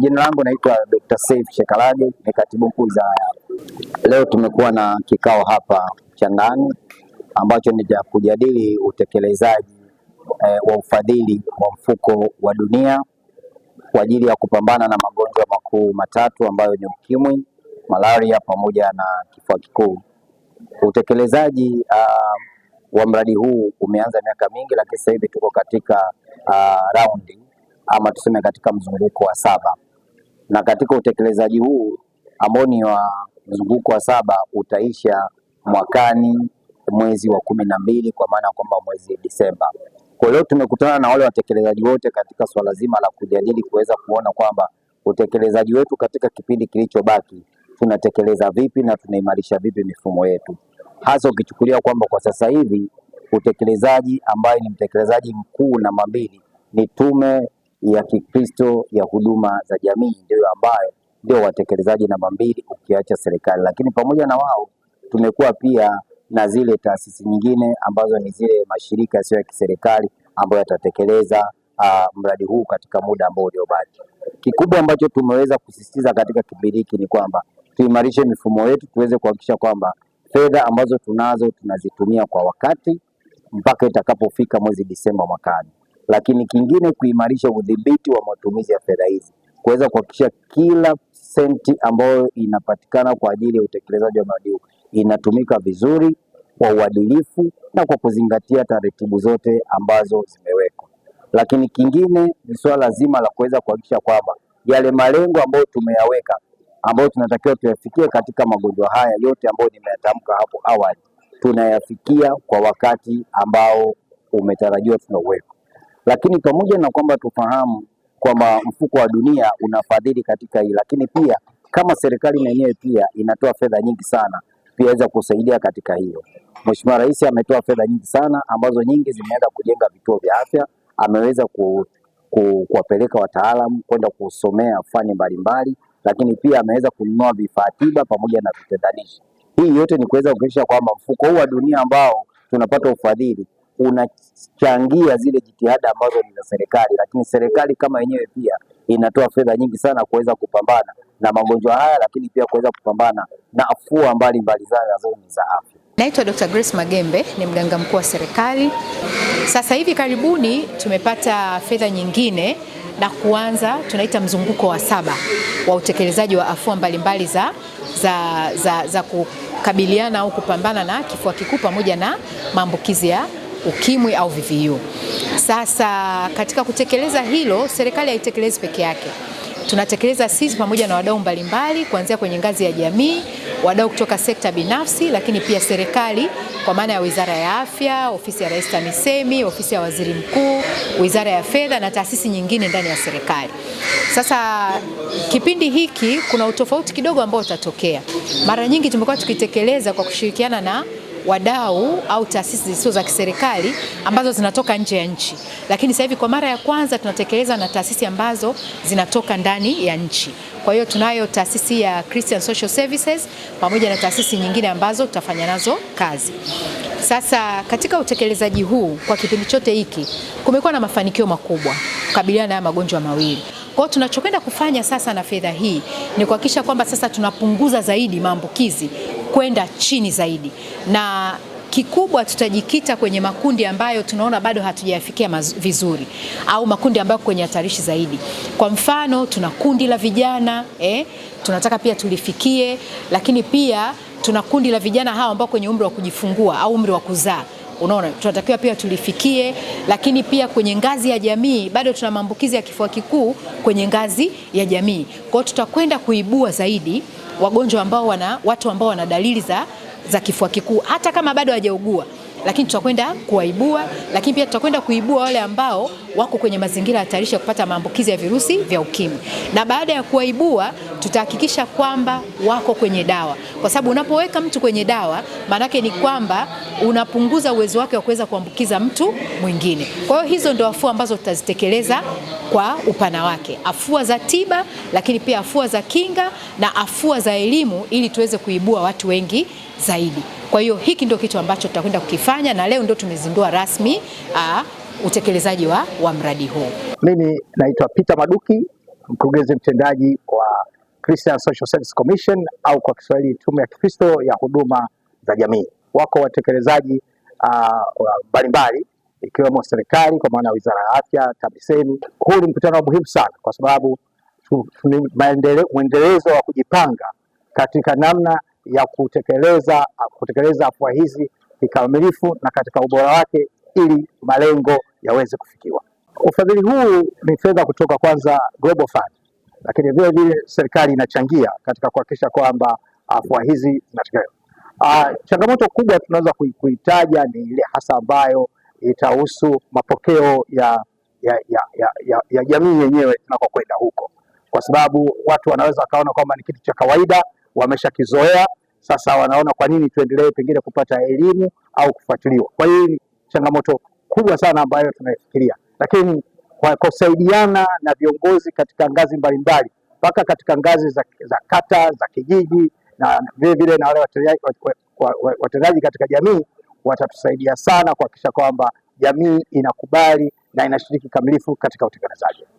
Jina langu naitwa Dr. Saif Shekalage, ni katibu mkuu wizara ya. Leo tumekuwa na kikao hapa cha ndani ambacho ni cha kujadili utekelezaji eh, wa ufadhili wa mfuko wa dunia kwa ajili ya kupambana na magonjwa makuu matatu ambayo ni ukimwi, malaria pamoja na kifua kikuu. Utekelezaji uh, wa mradi huu umeanza miaka mingi, lakini sasa hivi tuko katika uh, raundi ama tuseme katika mzunguko wa saba na katika utekelezaji huu ambao ni wa mzunguko wa saba utaisha mwakani mwezi wa kumi na mbili kwa maana kwamba mwezi Disemba. Kwa leo tumekutana na wale watekelezaji wote katika swala zima la kujadili kuweza kuona kwamba utekelezaji wetu katika kipindi kilichobaki tunatekeleza vipi na tunaimarisha vipi mifumo yetu, hasa ukichukulia kwamba kwa sasa hivi utekelezaji ambaye ni mtekelezaji mkuu namba mbili ni Tume ya Kikristo ya huduma za jamii ndiyo ambayo ndio watekelezaji namba mbili ukiacha serikali. Lakini pamoja na wao tumekuwa pia na zile taasisi nyingine ambazo ni zile mashirika yasiyo ya kiserikali ambayo yatatekeleza uh, mradi huu katika muda ambao uliobaki. Kikubwa ambacho tumeweza kusisitiza katika kipindi hiki ni kwamba tuimarishe mifumo yetu tuweze kuhakikisha kwamba fedha ambazo tunazo tunazitumia kwa wakati mpaka itakapofika mwezi Disemba mwakani lakini kingine kuimarisha udhibiti wa matumizi ya fedha hizi, kuweza kuhakikisha kila senti ambayo inapatikana kwa ajili ya utekelezaji wa mradi huu inatumika vizuri kwa uadilifu na kwa kuzingatia taratibu zote ambazo zimewekwa. Lakini kingine ni suala zima la kuweza kuhakikisha kwamba yale malengo ambayo tumeyaweka ambayo tunatakiwa tuyafikie katika magonjwa haya yote ambayo nimeyatamka hapo awali tunayafikia kwa wakati ambao umetarajiwa tunauweka. Lakini pamoja na kwamba tufahamu kwamba mfuko wa dunia unafadhili katika hii, lakini pia kama serikali na yenyewe pia inatoa fedha nyingi sana pia weza kusaidia katika hiyo. Mheshimiwa Rais ametoa fedha nyingi sana ambazo nyingi zimeenda kujenga vituo vya afya, ameweza kuwapeleka wataalamu kwenda kusomea fani mbalimbali, lakini pia ameweza kununua vifaa tiba pamoja na vitendanishi. Hii yote ni kuweza kuhakikisha kwamba mfuko huu wa dunia ambao tunapata ufadhili unachangia zile jitihada ambazo ni za serikali, lakini serikali kama yenyewe pia inatoa fedha nyingi sana kuweza kupambana na magonjwa haya, lakini pia kuweza kupambana na afua mbalimbali zao za afya. Naitwa Dr. Grace Magembe, ni mganga mkuu wa serikali. Sasa hivi karibuni tumepata fedha nyingine na kuanza tunaita mzunguko wa saba wa utekelezaji wa afua mbalimbali za, za, za, za kukabiliana au kupambana na kifua kikuu pamoja na maambukizi ya ukimwi au VVU. Sasa katika kutekeleza hilo, serikali haitekelezi peke yake tunatekeleza sisi pamoja na wadau mbalimbali kuanzia kwenye ngazi ya jamii, wadau kutoka sekta binafsi, lakini pia serikali kwa maana ya Wizara ya Afya, Ofisi ya Rais TAMISEMI, Ofisi ya Waziri Mkuu, Wizara ya Fedha na taasisi nyingine ndani ya serikali. Sasa kipindi hiki kuna utofauti kidogo ambao utatokea. Mara nyingi tumekuwa tukitekeleza kwa kushirikiana na wadau au taasisi zisizo za kiserikali ambazo zinatoka nje ya nchi, lakini sasa hivi kwa mara ya kwanza tunatekeleza na taasisi ambazo zinatoka ndani ya nchi. Kwa hiyo tunayo taasisi ya Christian Social Services pamoja na taasisi nyingine ambazo tutafanya nazo kazi. Sasa katika utekelezaji huu kwa kipindi chote hiki kumekuwa na mafanikio makubwa kukabiliana na magonjwa mawili. Kwa hiyo tunachokwenda kufanya sasa na fedha hii ni kuhakikisha kwamba sasa tunapunguza zaidi maambukizi kwenda chini zaidi, na kikubwa tutajikita kwenye makundi ambayo tunaona bado hatujayafikia vizuri au makundi ambayo kwenye hatarishi zaidi. Kwa mfano, tuna kundi la vijana eh, tunataka pia tulifikie, lakini pia tuna kundi la vijana hawa ambao kwenye umri wa kujifungua au umri wa kuzaa Unaona, tunatakiwa pia tulifikie, lakini pia kwenye ngazi ya jamii bado tuna maambukizi ya kifua kikuu kwenye ngazi ya jamii. Kwa hiyo tutakwenda kuibua zaidi wagonjwa ambao wana watu ambao wana dalili za, za kifua kikuu hata kama bado hajaugua lakini tutakwenda kuwaibua, lakini pia tutakwenda kuibua wale ambao wako kwenye mazingira hatarishi ya kupata maambukizi ya virusi vya ukimwi. Na baada ya kuwaibua, tutahakikisha kwamba wako kwenye dawa, kwa sababu unapoweka mtu kwenye dawa, maanake ni kwamba unapunguza uwezo wake wa kuweza kuambukiza mtu mwingine. Kwa hiyo hizo ndio afua ambazo tutazitekeleza kwa upana wake, afua za tiba, lakini pia afua za kinga na afua za elimu, ili tuweze kuibua watu wengi zaidi. Kwa hiyo hiki ndio kitu ambacho tutakwenda kukifanya, na leo ndio tumezindua rasmi aa, utekelezaji wa, wa mradi huu. Mimi naitwa Peter Maduki, mkurugenzi mtendaji wa Christian Social Service Commission au kwa Kiswahili tume ya Kikristo ya huduma za jamii. Wako watekelezaji ah, mbalimbali uh, ikiwemo serikali kwa maana ya Wizara ya Afya, TAMISEMI. Huu ni mkutano muhimu sana kwa sababu mwendelezo wa kujipanga katika namna ya kutekeleza kutekeleza afua hizi kikamilifu na katika ubora wake ili malengo yaweze kufikiwa. Ufadhili huu ni fedha kutoka kwanza Global Fund lakini vile vile serikali inachangia katika kuhakikisha kwamba ah, afua hizi zinatekelezwa. Ah, changamoto kubwa tunaweza kuitaja ni ile hasa ambayo itahusu mapokeo ya ya, ya, ya, ya, ya jamii yenyewe tunakokwenda huko, kwa sababu watu wanaweza wakaona kwamba ni kitu cha kawaida, wameshakizoea. Sasa wanaona kwa nini tuendelee pengine kupata elimu au kufuatiliwa. Kwa hiyo changamoto kubwa sana ambayo tunaifikiria, lakini kwa kusaidiana na viongozi katika ngazi mbalimbali mpaka katika ngazi za, za kata za kijiji na vilevile na wale watendaji katika jamii watatusaidia sana kuhakikisha kwamba jamii inakubali na inashiriki kamilifu katika utekelezaji.